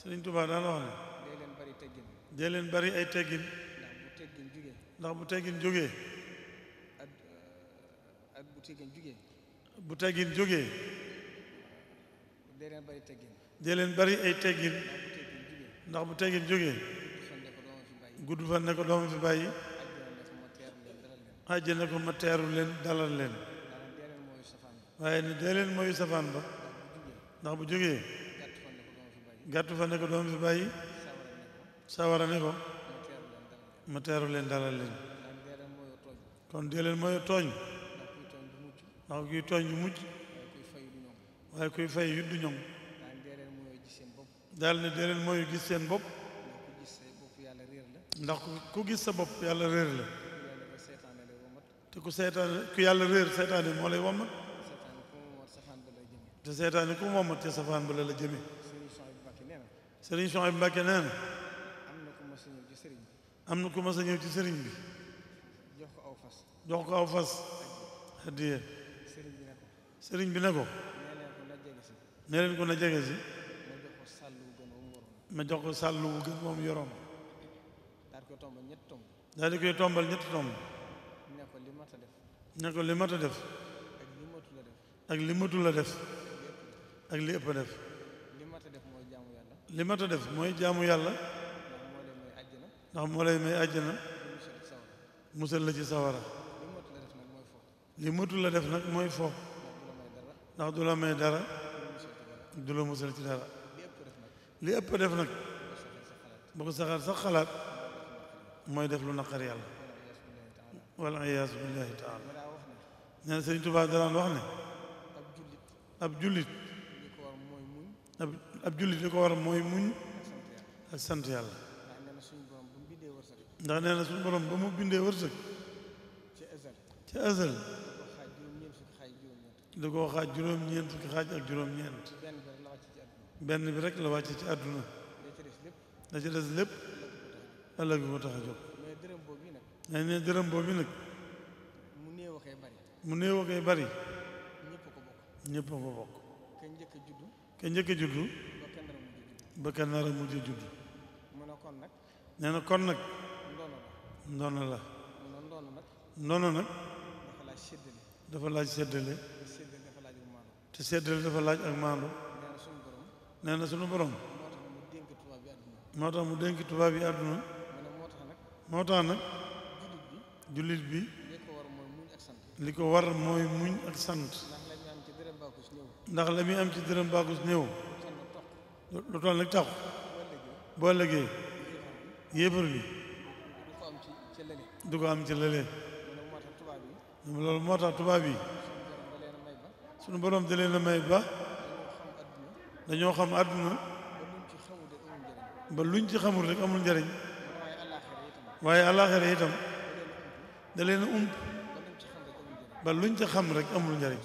Sëriñ Tuubaa daana wax ne dee leen bari teggin leen bari ay teggin ndax bu teggin jóge eh, ak bu teggin jógee bu teggin jógee dee leen bari teggin leen bari ay teggin ndax bu teggin jóge gudd fan ne ko doomu fi bàyyi àjjal ne ko ma teeru leen dalal leen waaye ne dee leen mooy safaan ba ndax bu jóge gàttu fa ne ko doom fi bàyyi sawara ne ko ma teeru leen dalal leen kon dee leen mooy tooñ ndax kuy tooñ du mujj waaye kuy fay yu du ñoŋ daal ne dee leen mooy gis seen bopp ndax ku gis sa bopp yàlla réer la te ku seytaane ku yàlla réer seytaane moo lay wommat te seytaane ku mu wommat ca safaan ba la la jëme sëriñ Souhaïbou Mbacké nee na am na ku mas a ñëw ci sëriñ bi am na ku mas a ñëw ci sëriñ bi jox ko aw fas jox ko aw fas hadiya sëriñ bi ne ko sëriñ bi ne ko nee leen ko na jege si ma jox ko sàll wu gën moom yoroon daal di koy tombal ñetti tomb daal di koy tombal ñetti tomb ne ko li mat a def ne ko li mat a def ak li matul a def ak li ëpp a def li ma ta def mooy jaamu yàlla ndax moo lay may àjjana musal la ci sawara li mëtu la def nag mooy fo ndax du la may dara du la musal ci dara li ëpp def nag bu ko saxaar sax xalaat mooy def lu naqar yàlla wal iyaasu billahi taala nee na Sëriñ Tuubaa daraan wax ne ab jullit ab jullit li ko war mooy muñ ak sant yàlla ndax nee na suñu borom ba mu bindee wërsëg ci azal da koo xaaj juróom-ñeent ki xaaj ak juróom-ñeent benn bi rek la wàcce ci àdduna da ci des lépp ëllëg moo tax a jóg dañ ne dërëm boobu nag mu néew a koy bari ñëpp ko bokk ke njëkk a juddu ba kenn nar a mujj a juddu nee kon nag ndono la ndono nag dafa laaj séddale te séddale dafa laaj ak maandu nee na sunu borom moo tax mu dénk tubaab yi àdduna moo tax nag jullit bi li ko war mooy muñ ak sant ndax la muy am ci dërëm baagus néew lu toll nag taxu boo lëggee yéefar bi du am ci lële tubaab yi borom da leen may ba dañoo xam àdduna ba luñ ci xamul rek amul njariñ waaye àllaaxira itam da leen ump ba luñ ci xam rek amul njariñ